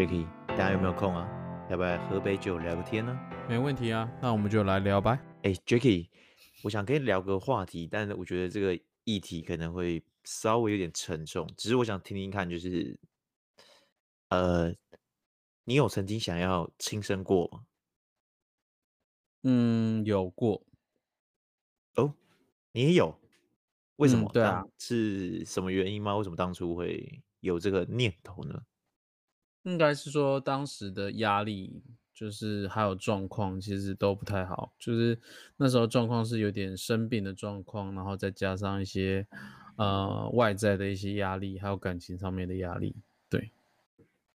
Jacky，大家有沒有空啊？要不要來喝杯酒聊個天呢、啊？沒問題啊，那我們就來聊吧。哎、欸，Jacky，我想跟你聊個話題，但是我覺得這個議題可能會稍微有點沉重，只是我想聽聽看，就是，呃，你有曾經想要輕生過嗎？嗯，有過。哦，你也有？為什麼？嗯、對啊，是什麼原因嗎？為什麼當初會有這個念頭呢？應該是說當時的壓力，就是還有狀況，其實都不太好。就是那時候狀況是有點生病的狀況，然後再加上一些呃外在的一些壓力，還有感情上面的壓力。對，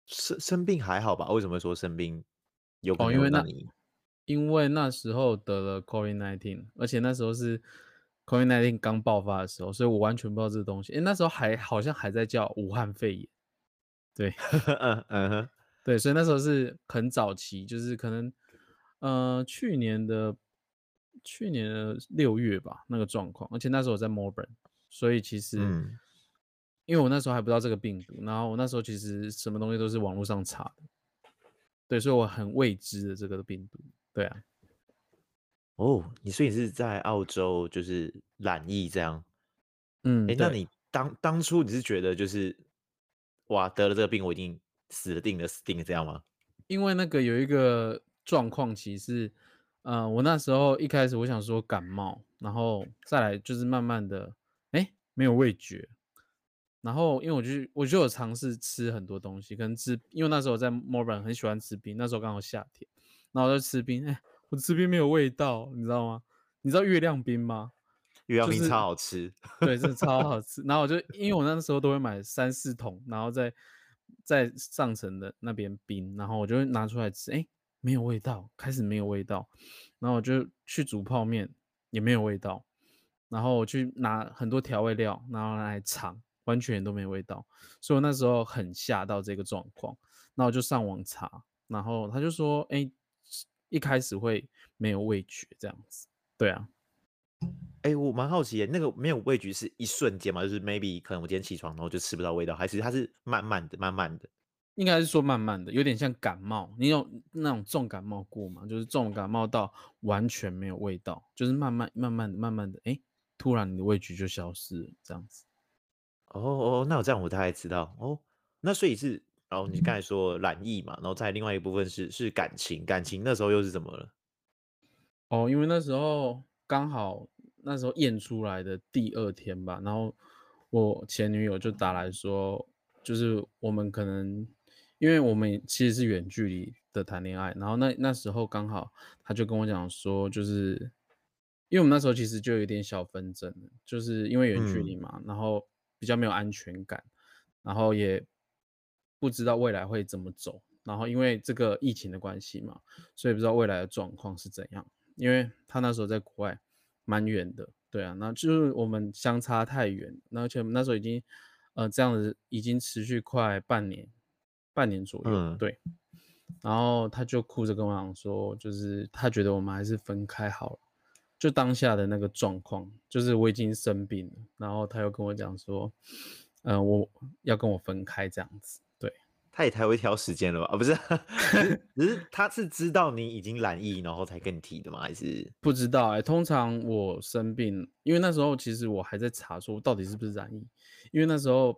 生生病還好吧？為什麼說生病有可能有哦，因為那因為那時候得了 COVID-19，而且那時候是 COVID-19 剛爆發的時候，所以我完全不知道這東西。哎、欸，那時候還好像還在叫武漢肺炎。對，嗯嗯、 uh, uh huh、對，所以那時候是很早期，就是可能，呃，去年的去年的六月吧，那個狀況，而且那時候我在墨爾本，所以其實，嗯、因為我那時候還不知道這個病毒，然後我那時候其實什麼東西都是網絡上查的，對，所以我很未知的這個病毒，對啊，哦，你所以是在澳洲就是染疫這樣，嗯，哎誒，對那你當當初你是覺得就是。哇，得了這個病，我一定死定了，死定了，這樣嗎？因為那個有一個狀況，其實，呃，我那時候一開始我想說感冒，然後再來就是慢慢的，哎、欸，沒有味覺，然後因為我就我就有嘗試吃很多東西，可能吃，因為那時候我在墨爾本很喜歡吃冰，那時候剛好夏天，然後我就吃冰，哎、欸，我吃冰沒有味道，你知道嗎？你知道月亮冰嗎？魚香冰超好吃，對，真的超好吃。 然後我就因為我那時候都會買三四桶，然後在在上層的那邊冰，然後我就會拿出來吃，哎、欸，沒有味道，開始沒有味道。然後我就去煮泡麵，也沒有味道。然後我去拿很多調味料，然後拿來嚐，完全都沒有味道。所以我那時候很嚇到這個狀況。然後我就上網查，然後他就說，哎、欸，一開始會沒有味覺這樣子，對啊。哎、欸，我蠻好奇，那個沒有味覺是一瞬間嘛？就是 maybe 可能我今天起床然後就吃不到味道，還是它是慢慢的、慢慢的？應該是說慢慢的，有點像感冒。你有那種重感冒過嗎？就是重感冒到完全沒有味道，就是慢慢、慢慢的、慢慢的，哎、欸，突然你的味覺就消失了這樣子。哦哦，那我這樣我大概知道。哦，那所以是，然、哦、後你剛才說染疫嘛，嗯、然後在另外一部分是是感情，感情那時候又是怎麼了？哦，因為那時候。剛好那時候驗出來的第二天吧，然後我前女友就打來說，就是我們可能因為我們其實是遠距離的談戀愛，然後那那時候剛好她就跟我講說，就是因為我們那時候其實就有點小紛爭，就是因為遠距離嘛，嗯、然後比較沒有安全感，然後也不知道未來會怎麼走，然後因為這個疫情的關係嘛，所以不知道未來的狀況是怎樣。因為他那時候在國外，蠻遠的，對啊，那就是我們相差太遠，那而且那時候已經，呃，這樣子已經持續快半年，半年左右，嗯，對，然後他就哭着跟我講說，就是他覺得我們還是分開好了，就當下的那個狀況，就是我已經生病了，然後他又跟我講說，嗯，呃，我要跟我分開這樣子。他也太會挑時間了吧？啊不，不是，只是他是知道你已經染疫，然後才跟你提的嗎？還是 不知道、欸？哎，通常我生病，因為那時候其實我還在查說我到底是不是染疫，因為那時候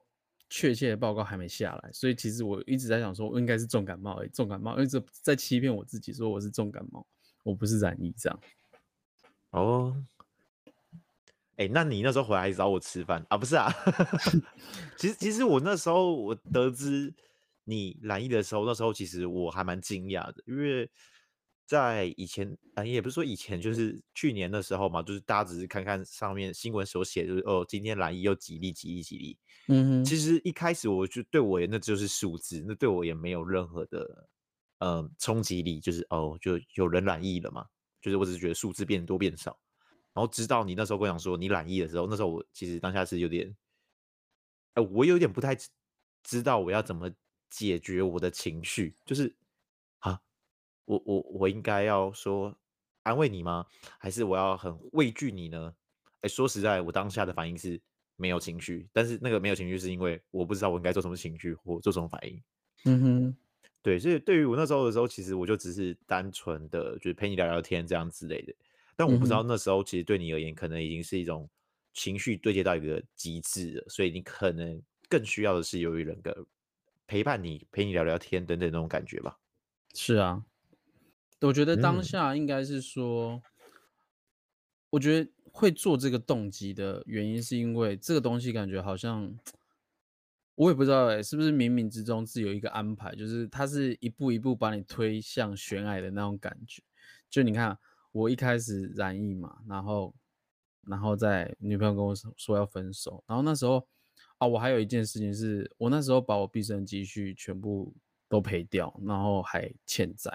確切的報告還沒下來，所以其實我一直在想說我應該是重感冒、欸，哎，重感冒，一直在欺騙我自己，說我是重感冒，我不是染疫這樣。哦，哎、欸，那你那時候回來找我吃飯啊？不是啊， 其實，其實我那時候我得知。你染疫的時候，那時候其實我還蠻驚訝的，因為在以前、呃，也不是說以前，就是去年的時候嘛，就是大家只是看看上面新聞所寫，就是哦，今天染疫又幾例幾例幾例。幾例嗯哼。其實一開始我就對我也那就是數字，那對我也沒有任何的嗯、呃、衝擊力，就是哦，就有人染疫了嘛，就是我只是覺得數字變多變少。然後知道你那時候跟我講說你染疫的時候，那時候我其實當下是有點，呃、我有點不太知道我要怎麼。解決我的情緒，就是啊，我我我應該要說安慰你嗎？還是我要很畏懼你呢？哎、欸，說實在，我當下的反應是沒有情緒，但是那個沒有情緒是因為我不知道我應該做什麼情緒或做什麼反應。嗯哼，對，所以對於我那時候的時候，其實我就只是單純的就是、陪你聊聊天這樣之類的。但我不知道那時候其實對你而言，可能已經是一種情緒對接到一個極致了，所以你可能更需要的是由於人格。陪伴你，陪你聊聊天等等那種感覺吧。是啊，我覺得當下應該是說，嗯、我覺得會做這個動機的原因，是因為這個東西感覺好像，我也不知道哎、欸，是不是冥冥之中是有一個安排，就是它是一步一步把你推向懸崖的那種感覺。就你看，我一開始染疫嘛，然後，然後在女朋友跟我說說要分手，然後那時候。啊，我還有一件事情是，我那時候把我畢生積蓄全部都賠掉，然後還欠債，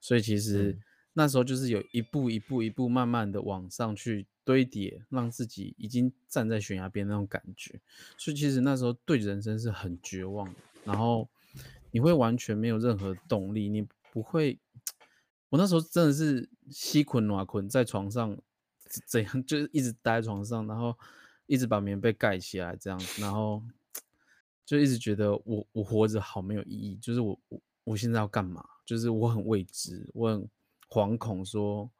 所以其實那時候就是有一步一步一步慢慢的往上去堆疊，讓自己已經站在懸崖邊那種感覺，所以其實那時候對人生是很絕望的，然後你會完全沒有任何動力，你不會，我那時候真的是吸捆暖捆在床上，怎樣就是一直待在床上，然後。一直把棉被蓋起來，這樣子，然後就一直覺得我我活着好沒有意義，就是我我我現在要幹嘛？就是我很未知，我很惶恐，說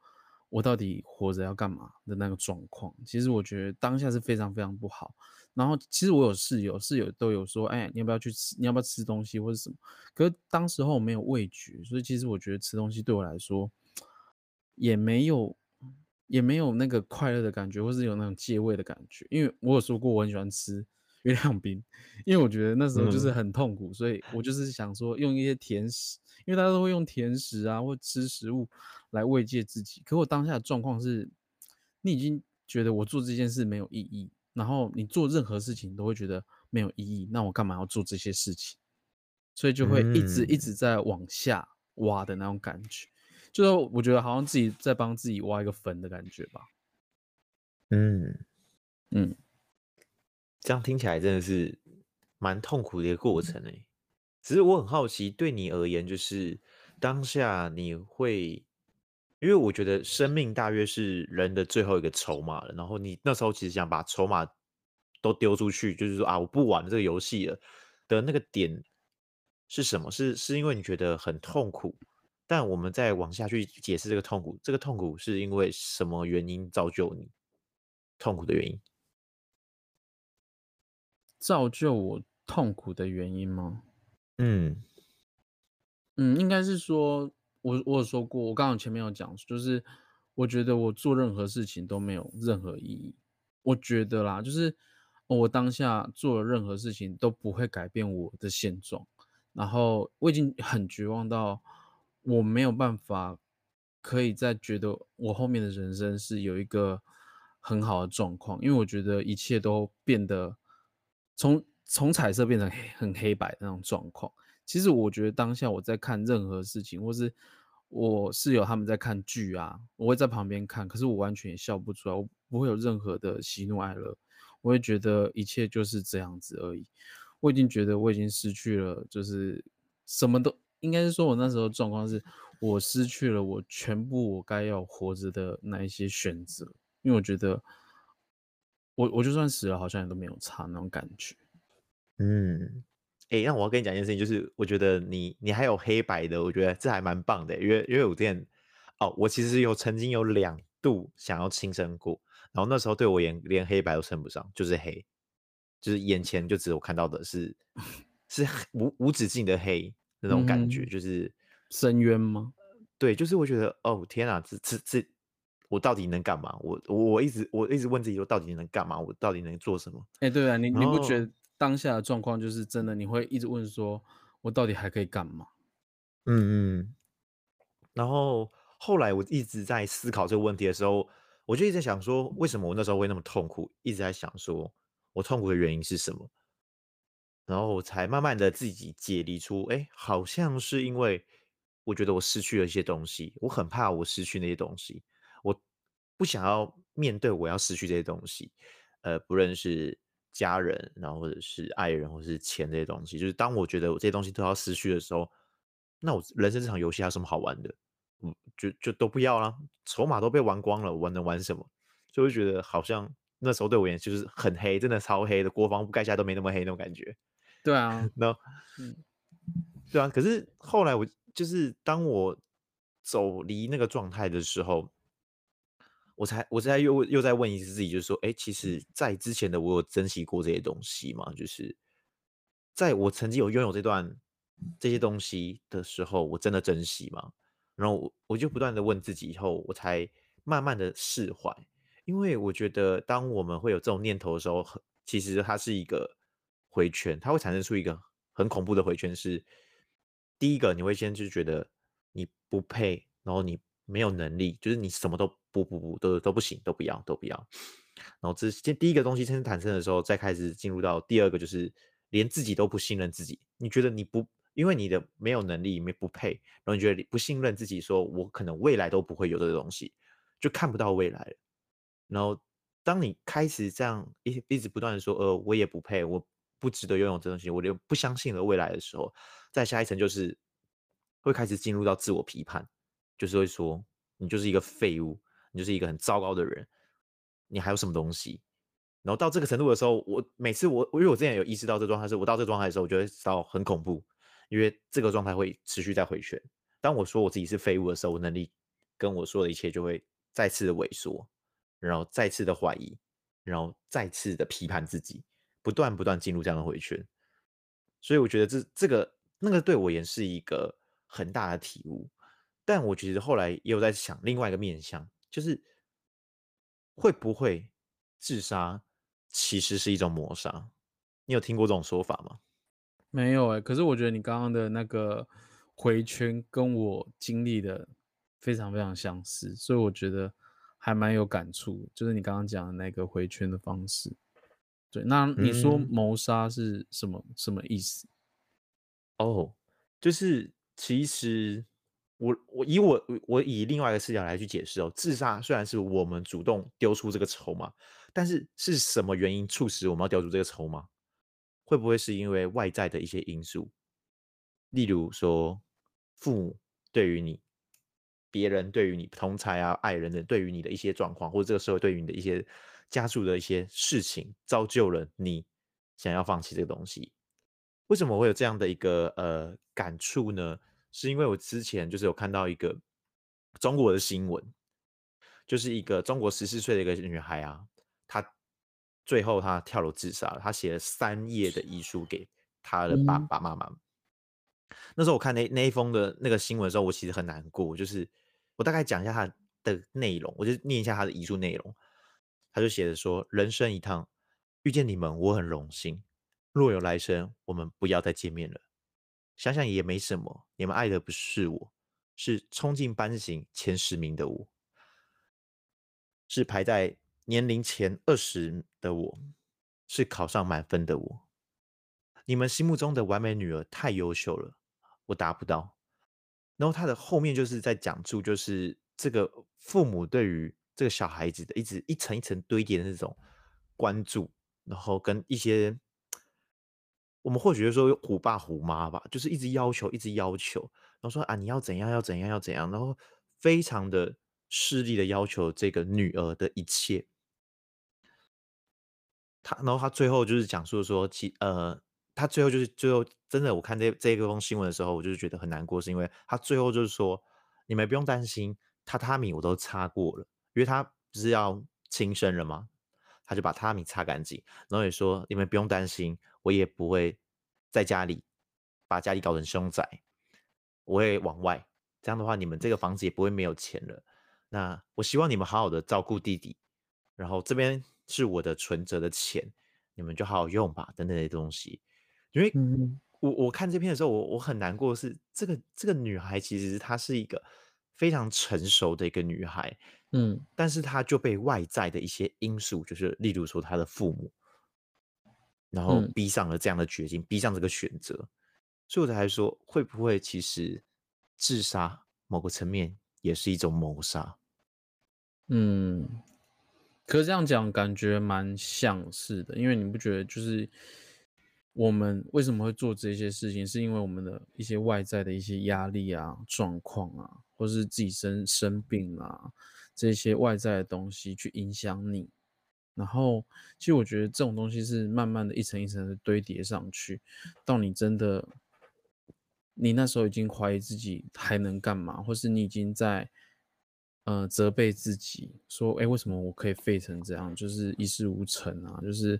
我到底活着要幹嘛的那個狀況。其實我覺得當下是非常非常不好。然後其實我有室友，室友都有說，哎、欸，你要不要去吃？你要不要吃東西或者什麼？可是當時候我沒有味覺，所以其實我覺得吃東西對我來說也沒有。也沒有那個快樂的感覺，或是有那種借位的感覺，因為我有說過我很喜歡吃月亮冰，因為我覺得那時候就是很痛苦，嗯、所以我就是想說用一些甜食，因為大家都會用甜食啊或吃食物來慰藉自己。可我當下的狀況是，你已經覺得我做這件事沒有意義，然後你做任何事情都會覺得沒有意義，那我幹嘛要做這些事情？所以就會一直一直在往下挖的那種感覺。嗯就是我覺得好像自己在幫自己挖一個墳的感覺吧。嗯嗯，嗯，這樣聽起來真的是蠻痛苦的一個過程呢。嗯、只是我很好奇，對你而言，就是當下你會，因為我覺得生命大約是人的最後一個籌碼了。然後你那時候其實想把籌碼都丟出去，就是說啊，我不玩這個遊戲了的那個點是什麼？是是因為你覺得很痛苦，嗯？但我們再往下去解釋這個痛苦，這個痛苦是因為什麼原因造就你痛苦的原因？造就我痛苦的原因嗎？嗯嗯，應該是說，我我有說過，我剛剛前面有講，就是我覺得我做任何事情都沒有任何意義，我覺得啦，就是我當下做了任何事情都不會改變我的現狀，然後我已經很絕望到。我沒有辦法，可以再覺得我後面的人生是有一個很好的狀況，因為我覺得一切都變得從從彩色變成黑很黑白的那種狀況。其實我覺得當下我在看任何事情，或是我室友他們在看劇啊，我會在旁邊看，可是我完全也笑不出來，我不會有任何的喜怒哀樂，我會覺得一切就是這樣子而已。我已經覺得我已經失去了，就是什麼都。應該是說，我那時候狀況是，我失去了我全部我該要活着的那一些選擇，因為我覺得我，我我就算死了，好像也都沒有差那種感覺。嗯，誒、欸，那我要跟你講一件事情，就是我覺得你你還有黑白的，我覺得這還蠻棒的，因為因為有點哦，我其實有曾經有兩度想要輕生過，然後那時候對我眼連黑白都稱不上，就是黑，就是眼前就只有看到的是 是無無止境的黑。那種感覺、嗯、哼就是深淵嗎？對，就是我覺得哦天啊，這這這，我到底能幹嘛？我我我一直我一直問自己說我到底能幹嘛？我到底能做什麼？哎、欸，對啊，你後你不覺得當下的狀況就是真的？你會一直問說，我到底還可以幹嘛？嗯嗯。然後後來我一直在思考這個問題的時候，我就一直在想說，為什麼我那時候會那麼痛苦？一直在想說我痛苦的原因是什麼？然後我才慢慢的自己解離出，哎，好像是因為我覺得我失去了一些東西，我很怕我失去那些東西，我不想要面對我要失去這些東西，呃，不論是家人，然後或者是愛人，或者是錢這些東西，就是當我覺得我這些東西都要失去的時候，那我人生這場遊戲還有什麼好玩的？就就都不要啦，籌碼都被玩光了，我能玩什麼？所以我就覺得好像那時候對我而言就是很黑，真的超黑的，國防布蓋下都沒那麼黑那種感覺。對啊，那 No,、嗯，對啊，可是後來我就是當我走離那個狀態的時候，我才我現在又又再問一次自己，就是說，哎，其實，在之前的我有珍惜過這些東西嗎？就是在我曾經有擁有這段這些東西的時候，我真的珍惜嗎？然後我我就不斷的問自己，以後我才慢慢的釋懷，因為我覺得當我們會有這種念頭的時候，其實它是一個。迴圈，它會產生出一個很恐怖的迴圈是，第一個你會先就是覺得你不配，然後你沒有能力，就是你什麼都不不不都都不行，都不要都不要，然後這是第一個東西先產生的時候，再開始進入到第二個就是連自己都不信任自己，你覺得你不因為你的沒有能力沒不配，然後你覺得不信任自己說，說我可能未來都不會有這個東西，就看不到未來了，然後當你開始這樣一一直不斷的說呃，我也不配我。不值得擁有這東西，我就不相信了。未來的時候，在下一層就是會開始進入到自我批判，就是會說你就是一個廢物，你就是一個很糟糕的人，你還有什麼東西？然後到這個程度的時候，我每次我因為我之前有意識到這狀態，是我到這狀態的時候，我覺得到很恐怖，因為這個狀態會持續在迴旋。當我說我自己是廢物的時候，我能力跟我說的一切就會再次的萎縮，然後再次的懷疑，然後再次的批判自己。不斷不斷進入這樣的迴圈，所以我覺得這這個那個對我也是一個很大的體悟。但我覺得後來也有在想另外一個面向，就是會不會自殺其實是一種謀殺？你有聽過這種說法嗎？沒有哎、欸，可是我覺得你剛剛的那個迴圈跟我經歷的非常非常相似，所以我覺得還蠻有感觸。就是你剛剛講的那個迴圈的方式。對，那你說謀殺是什麼、嗯、什麼意思？哦，oh, 就是其實我我以我我以另外一個視角來去解釋哦、喔，自殺雖然是我們主動丟出這個籌碼，但是是什麼原因促使我們要丟出這個籌碼？會不會是因為外在的一些因素？例如說，父母對於你，別人對於你，同儕啊、愛人的對於你的一些狀況，或者這個社會對於你的一些。家族的一些事情，造就了你想要放棄這個東西。為什麼會有這樣的一個呃感觸呢？是因為我之前就是有看到一個中國的新聞，就是一個中國十四歲的一個女孩啊，她最後她跳樓自殺了，她寫了三頁的遺書給她的爸爸媽媽。嗯、那時候我看那那一封的那個新聞的時候，我其實很難過。就是我大概講一下她的內容，我就念一下她的遺書內容。他就寫着說：“人生一趟，遇見你們我很榮幸。若有來生，我們不要再見面了。想想也沒什麼，你們愛的不是我，是衝進班型前十名的我，是排在年齡前二十的我，是考上滿分的我。你們心目中的完美女兒太優秀了，我達不到。然後他的後面就是在講述，就是這個父母對於。”這個小孩子的一直一層一層堆疊的那種關注，然後跟一些我們或許就是說虎爸虎媽吧，就是一直要求，一直要求，然後說啊，你要怎樣要怎樣要怎樣，然後非常的勢力的要求這個女兒的一切。他然後他最後就是講述說，其呃，他最後就是最後真的，我看這這一個新聞的時候，我就覺得很難過，是因為他最後就是說你們不用擔心榻榻米我都擦過了。因為他不是要輕生了嗎？他就把榻榻米擦乾淨，然後也說：“你們不用擔心，我也不會在家裡把家裡搞成凶宅，我會往外。這樣的話，你們這個房子也不會沒有錢了。那我希望你們好好的照顧弟弟，然後這邊是我的存折的錢，你們就好好用吧，等等那些東西。因為我我看這篇的時候，我我很難過的是，是這個這個女孩，其實她是一個非常成熟的一個女孩。”嗯，但是他就被外在的一些因素，就是例如說他的父母，然後逼上了這樣的決心，嗯、逼上這個選擇。所以我才說，會不會其實自殺某個層面也是一種謀殺？嗯，可是這樣講，感覺蠻像是的，因為你不覺得就是我們為什麼會做這些事情，是因為我們的一些外在的一些壓力啊、狀況啊，或是自己生生病啊？這些外在的東西去影響你，然後其實我覺得這種東西是慢慢的一層一層的堆疊上去，到你真的，你那時候已經懷疑自己還能幹嘛，或是你已經在，呃，責備自己，說，哎，為什麼我可以廢成這樣，就是一事無成啊，就是，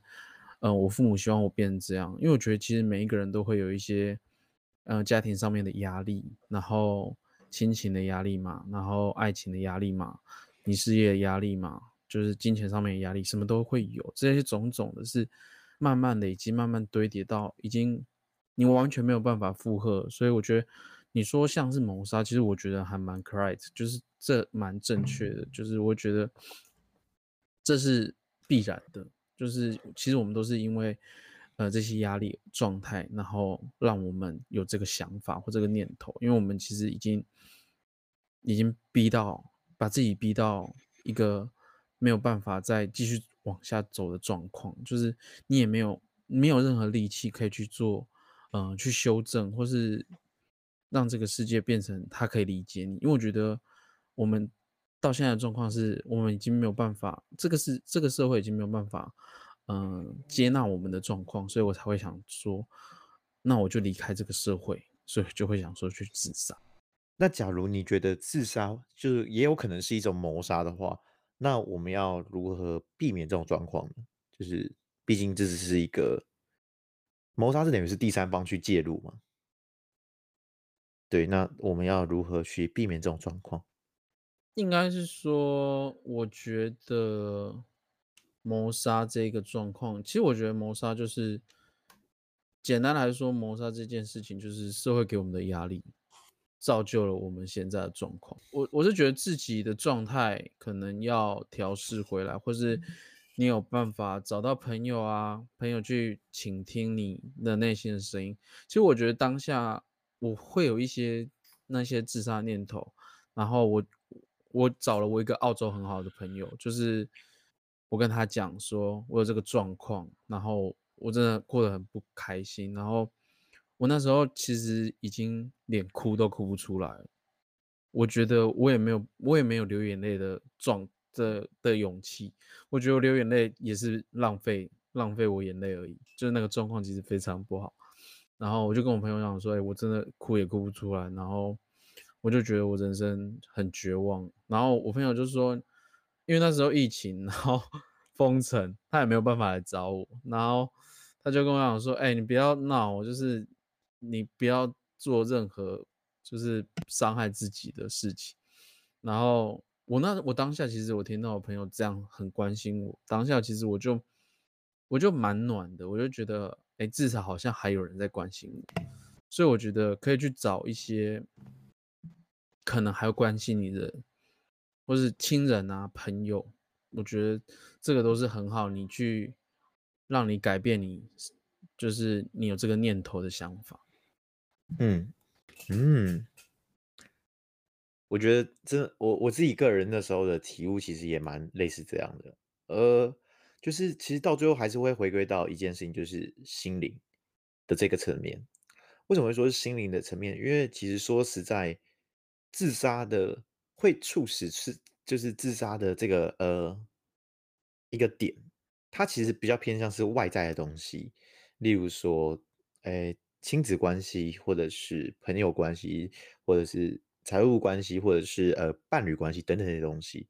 嗯、呃，我父母希望我變成這樣，因為我覺得其實每一個人都會有一些，嗯、呃，家庭上面的壓力，然後。親情的壓力嘛，然後愛情的壓力嘛，你事業的壓力嘛，就是金錢上面的壓力，什麼都會有，這些種種的是慢慢累積，慢慢堆疊到已經你完全沒有辦法負荷，所以我覺得你說像是謀殺，其實我覺得還蠻 correct，就是這蠻正確的，就是我覺得這是必然的，就是其實我們都是因為。這些壓力狀態，然後讓我們有這個想法或這個念頭，因為我們其實已經，已經逼到把自己逼到一個沒有辦法再繼續往下走的狀況，就是你也沒有沒有任何力氣可以去做，嗯、呃，去修正或是讓這個世界變成他可以理解你。因為我覺得我們到現在的狀況是，我們已經沒有辦法，這個是這個社會已經沒有辦法。嗯，接納我們的狀況，所以我才會想說，那我就離開這個社會，所以就會想說去自殺。那假如你覺得自殺就是也有可能是一種謀殺的話，那我們要如何避免這種狀況呢？就是畢竟這只是一個謀殺，是等於是第三方去介入嘛。對，那我們要如何去避免這種狀況？應該是說，我覺得。謀殺這個狀況，其實我覺得謀殺就是簡單來說，謀殺這件事情就是社會給我們的壓力，造就了我們現在的狀況。我我是覺得自己的狀態可能要調適回來，或是你有辦法找到朋友啊，朋友去傾聽你的內心的聲音。其實我覺得當下我會有一些那些自殺念頭，然後我我找了我一個澳洲很好的朋友，就是。我跟他講說，我有這個狀況，然後我真的過得很不開心。然後我那時候其實已經連哭都哭不出來了，我覺得我也沒有我也沒有流眼淚的狀的的勇氣。我覺得我流眼淚也是浪費浪費我眼淚而已，就是那個狀況其實非常不好。然後我就跟我朋友講說，哎，我真的哭也哭不出來。然後我就覺得我人生很絕望。然後我朋友就說。因為那時候疫情，然後封城，他也沒有辦法來找我。然後他就跟我講說：“哎、欸，你不要鬧，就是你不要做任何就是傷害自己的事情。”然後我那我當下其實我聽到我朋友這樣很關心我，當下其實我就我就蠻暖的，我就覺得哎、欸，至少好像還有人在關心我，所以我覺得可以去找一些可能還要關心你的，或是親人啊、朋友，我覺得這個都是很好，你去讓你改變你，就是你有這個念頭的想法。嗯嗯，我覺得這我我自己個人那時候的體悟其實也蠻類似這樣的。呃，就是其實到最後還是會回歸到一件事情，就是心靈的這個層面。為什麼會說是心靈的層面？因為其實說實在，自殺的。會促使是就是自殺的這個呃一個點，它其實比較偏向是外在的東西，例如說，哎、欸，親子關係，或者是朋友關係，或者是財務關係，或者是呃伴侶關係等等的東西，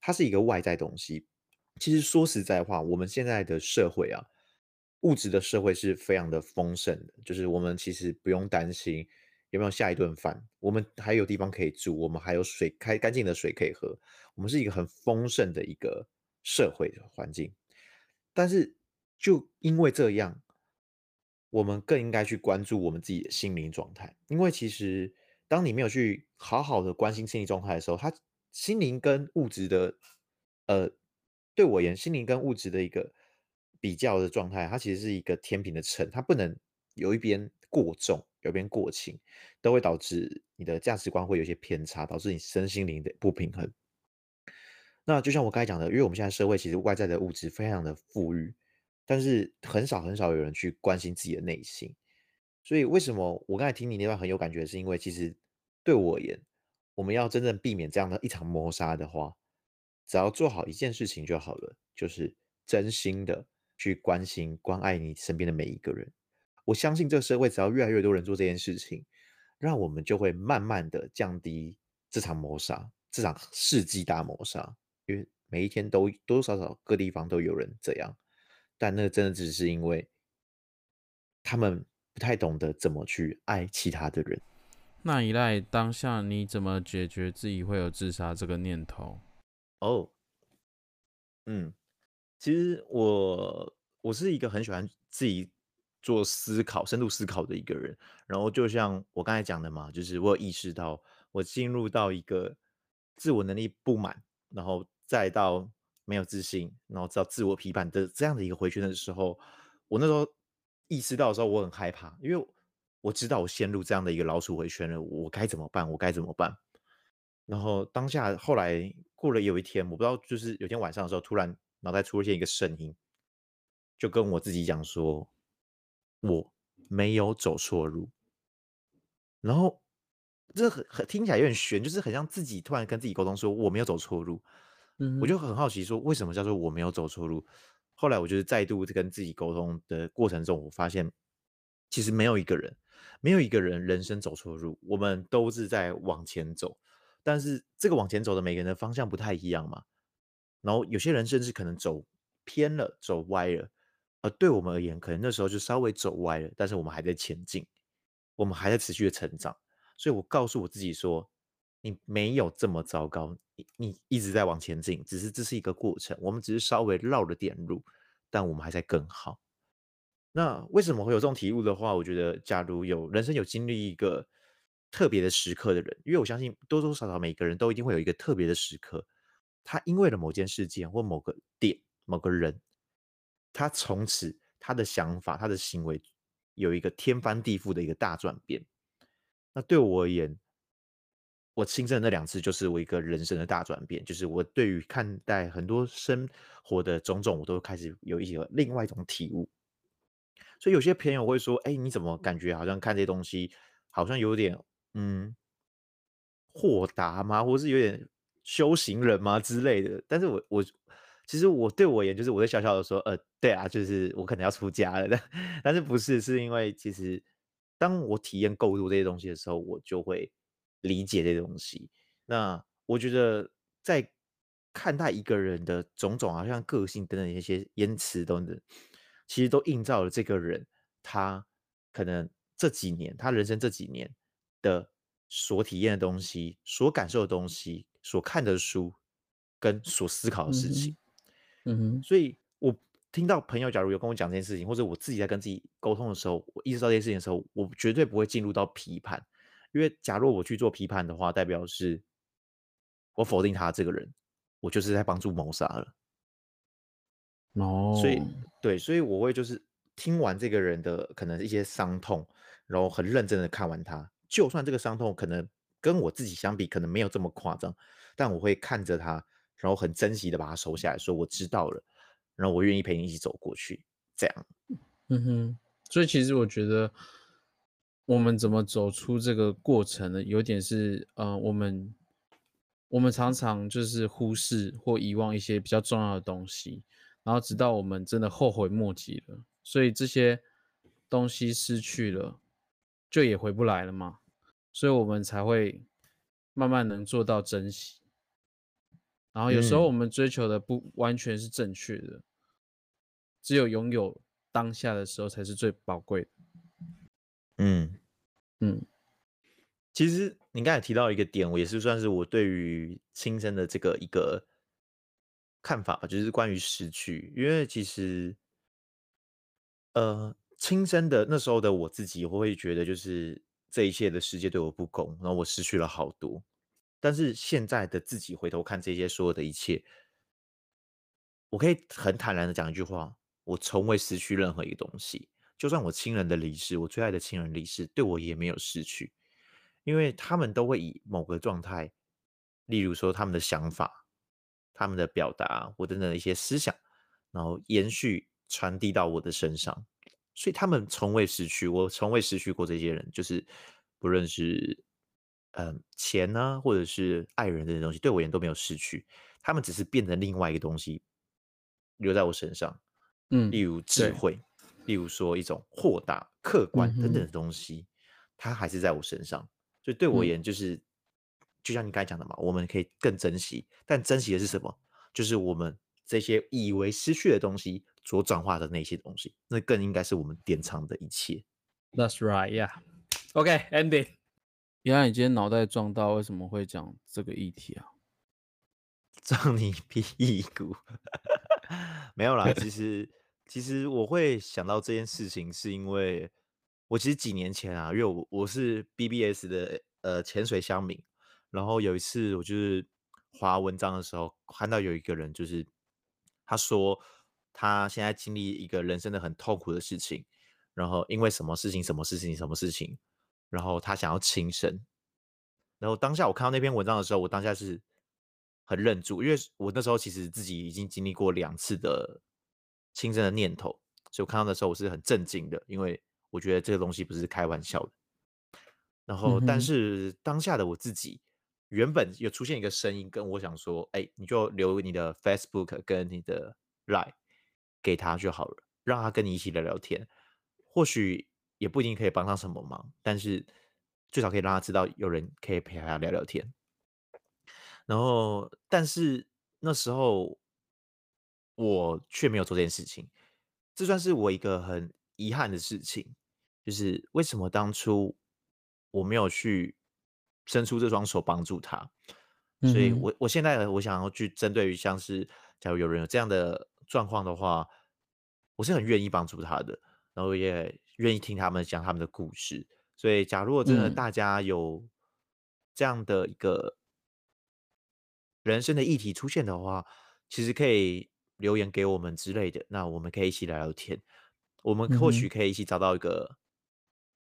它是一個外在東西。其實說實在的話，我們現在的社會啊，物質的社會是非常的豐盛的，就是我們其實不用擔心。有沒有下一頓飯？我們還有地方可以住，我們還有水、開乾淨的水可以喝。我們是一個很豐盛的一個社會的環境，但是就因為這樣，我們更應該去關注我們自己的心靈狀態。因為其實當你沒有去好好的關心心理狀態的時候，他心靈跟物質的，呃，對我而言，心靈跟物質的一個比較的狀態，它其實是一個天平的秤，它不能有一邊過重，有邊過輕，都會導致你的價值觀會有些偏差，導致你身心靈的不平衡。那就像我剛才講的，因為我們現在社會其實外在的物質非常的富裕，但是很少很少有人去關心自己的內心。所以為什麼我剛才聽你那段很有感覺，是因為其實對我而言，我們要真正避免這樣的一場謀殺的話，只要做好一件事情就好了，就是真心的去關心、關愛你身邊的每一個人。我相信這個社會，只要越來越多人做這件事情，讓我們就會慢慢的降低這場謀殺，這場世紀大謀殺。因為每一天都多多少少各地方都有人這樣，但那個真的只是因為他們不太懂得怎麼去愛其他的人。那 Eli，當下，你怎麼解決自己會有自殺這個念頭？哦，oh, 嗯，其實我我是一個很喜歡自己。做思考、深度思考的一個人，然後就像我剛才講的嘛，就是我有意識到我進入到一個自我能力不滿，然後再到沒有自信，然後到自我批判的這樣的一個迴圈的時候，我那時候意識到的時候，我很害怕，因為我知道我陷入這樣的一個老鼠迴圈了，我該怎麼辦？我該怎麼辦？然後當下，後來過了有一天，我不知道就是有天晚上的時候，突然腦袋出現一個聲音，就跟我自己講說。我沒有走錯路，然後這很很聽起來有點玄，就是很像自己突然跟自己溝通說我沒有走錯路，嗯，我就很好奇說為什麼叫做我沒有走錯路？後來我就是再度跟自己溝通的過程中，我發現其實沒有一個人，沒有一個人人生走錯路，我們都是在往前走，但是這個往前走的每個人的方向不太一樣嘛，然後有些人甚至可能走偏了，走歪了。而對我們而言，可能那時候就稍微走歪了，但是我們還在前進，我們還在持續的成長。所以，我告訴我自己說：“你沒有這麼糟糕，你你一直在往前進，只是這是一個過程。我們只是稍微繞了點路，但我們還在更好。”那為什麼會有這種體悟的話？我覺得，假如有人生有經歷一個特別的時刻的人，因為我相信多多少少每個人都一定會有一個特別的時刻，他因為了某件事件或某個點、某個人。他從此，他的想法、他的行為有一個天翻地覆的一個大轉變。那對我而言，我親身的那兩次就是我一個人生的大轉變，就是我對於看待很多生活的種種，我都開始有一些另外一種體悟。所以有些朋友會說：“哎，你怎麼感覺好像看這些東西，好像有點嗯豁達嗎，或是有點修行人嗎之類的？”但是我我。其實我對我也，就是我在小小的說，呃，對啊，就是我可能要出家了，但但是不是，是因為其實當我體驗夠多這些東西的時候，我就會理解這些東西。那我覺得，在看待一個人的種種，好像個性等等一些言辭等等，其實都映照了這個人他可能這幾年他人生這幾年的所體驗的東西、所感受的東西、所看的書跟所思考的事情。嗯嗯嗯哼，所以我聽到朋友假如有跟我講這件事情，或者我自己在跟自己溝通的時候，我意識到這件事情的時候，我絕對不會進入到批判，因為假如我去做批判的話，代表是我否定他這個人，我就是在幫助謀殺了。哦，所以對，所以我會就是聽完這個人的可能一些傷痛，然後很認真的看完他，就算這個傷痛可能跟我自己相比可能沒有這麼誇張，但我會看着他。然後很珍惜的把它收下來，說我知道了，然後我願意陪你一起走過去。這樣，嗯哼。所以其實我覺得，我們怎麼走出這個過程呢？有點是，呃，我們我們常常就是忽視或遺忘一些比較重要的東西，然後直到我們真的後悔莫及了，所以這些東西失去了，就也回不來了嘛。所以我們才會慢慢能做到珍惜。然後有時候我們追求的不完全是正確的，嗯、只有擁有當下的時候才是最寶貴的。嗯嗯，嗯其實你剛才提到一個點，我也是算是我對於輕生的這個一個看法吧，就是關於失去，因為其實呃，輕生的那時候的我自己，我會覺得就是這一切的世界對我不公，然後我失去了好多。但是現在的自己回頭看這些所有的一切，我可以很坦然的講一句話，我從未失去任何一個東西。就算我親人的離世，我最愛的親人離世，對我也沒有失去，因為他們都會以某個狀態，例如說他們的想法、他們的表達或者等等一些思想，然後延續傳遞到我的身上，所以他們從未失去，我從未失去過這些人，就是不認識。嗯，錢呢、啊，或者是愛人的東西，對我而言都沒有失去，他們只是變成另外一個東西，留在我身上。嗯，例如智慧，對例如說一種豁達、客觀等等的東西，嗯、哼它還是在我身上。所以對我而言，就是，嗯、就像你剛才講的嘛，我們可以更珍惜。但珍惜的是什麼？就是我們這些以為失去的東西所轉化的那些東西，那更應該是我們典藏的一切。That's right, yeah. OK、okay, Andy 原來你今天腦袋撞到，為什麼會講這個議題啊？撞你屁股？ 沒有啦， 其實其實我會想到這件事情，是因為我其實幾年前啊，因為我我是 BBS 的呃潛水鄉民，然後有一次我就是劃文章的時候，看到有一個人就是他說他現在經歷一個人生的很痛苦的事情，然後因為什麼事情，什麼事情，什麼事情。然後他想要輕生，然後當下我看到那篇文章的時候，我當下是很愣住，因為我那時候其實自己已經經歷過兩次的輕生的念頭，所以我看到的時候我是很震驚的，因為我覺得這個東西不是開玩笑的。然後，嗯、哼但是當下的我自己原本有出現一個聲音，跟我想說：“哎，你就留你的 Facebook 跟你的 Line 給他就好了，讓他跟你一起聊聊天，或許。”也不一定可以幫上什麼忙，但是最少可以讓他知道有人可以陪他聊聊天。然後，但是那時候我卻沒有做這件事情，這算是我一個很遺憾的事情，就是為什麼當初我沒有去伸出這雙手幫助他？嗯哼。所以我，我我現在我想要去針對於像是假如有人有這樣的狀況的話，我是很願意幫助他的，然後也。願意聽他們講他們的故事，所以假如真的大家有這樣的一個人生的議題出現的話，嗯，其實可以留言給我們之類的，那我們可以一起聊聊天，我們或許可以一起找到一個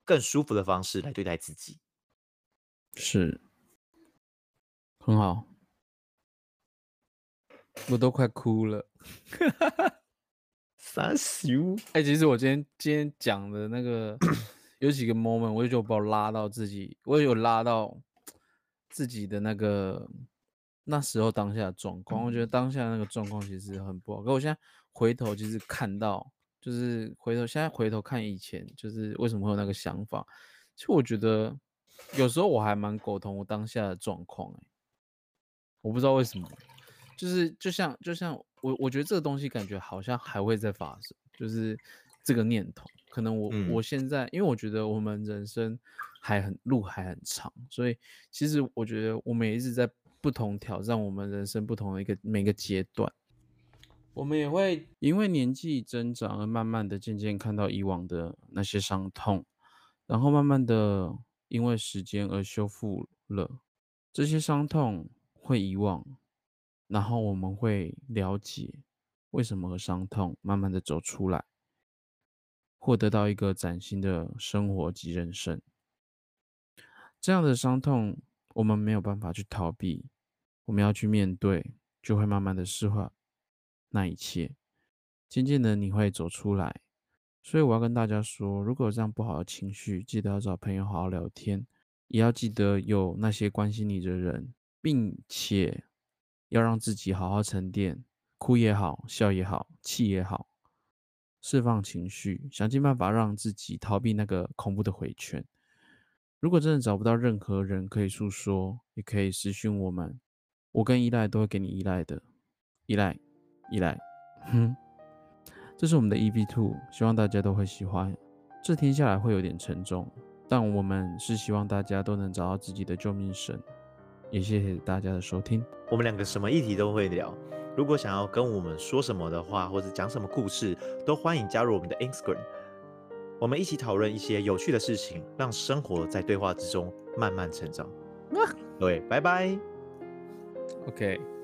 更舒服的方式來對待自己。是，很好，我都快哭了。 t h 哎，其實我今天今天講的那個有幾個 moment，我就把我拉到自己，我也有拉到自己的那個那時候當下的狀況。我覺得當下的那個狀況其實很不好。可我現在回頭就是看到，就是回頭現在回頭看以前，就是為什麼會有那個想法？其實我覺得有時候我還蠻苟同我當下的狀況，欸。我不知道為什麼，就是就像就像。就像我我覺得這個東西感覺好像還會再發生，就是這個念頭。可能我、嗯、我現在，因為我覺得我們人生還很路還很長，所以其實我覺得我們也一直在不同挑戰我們人生不同的一個每個階段。我們也會因為年紀增長而慢慢的漸漸看到以往的那些傷痛，然後慢慢的因為時間而修復了這些傷痛，會遺忘。然後我們會了解為什麼和傷痛，慢慢的走出來，獲得到一個嶄新的生活及人生。這樣的傷痛，我們沒有辦法去逃避，我們要去面對，就會慢慢的釋放那一切。漸漸的你會走出來。所以我要跟大家說，如果有這樣不好的情緒，記得要找朋友好好聊天，也要記得有那些關心你的人，並且。要讓自己好好沉澱，哭也好，笑也好，氣也好，釋放情緒，想盡辦法讓自己逃避那個恐怖的回圈。如果真的找不到任何人可以訴說，也可以私訊我們，我跟 Eli 都會給你依賴的，依賴，依賴。哼，這是我們的 EP2，希望大家都會喜歡。這聽下來會有點沉重，但我們是希望大家都能找到自己的救命神。也謝謝大家的收聽。我們兩個什麼議題都會聊。如果想要跟我們說什麼的話，或者講什麼故事，都歡迎加入我們的 Instagram。我們一起討論一些有趣的事情，讓生活在對話之中慢慢成長。啊。對，拜拜。OK。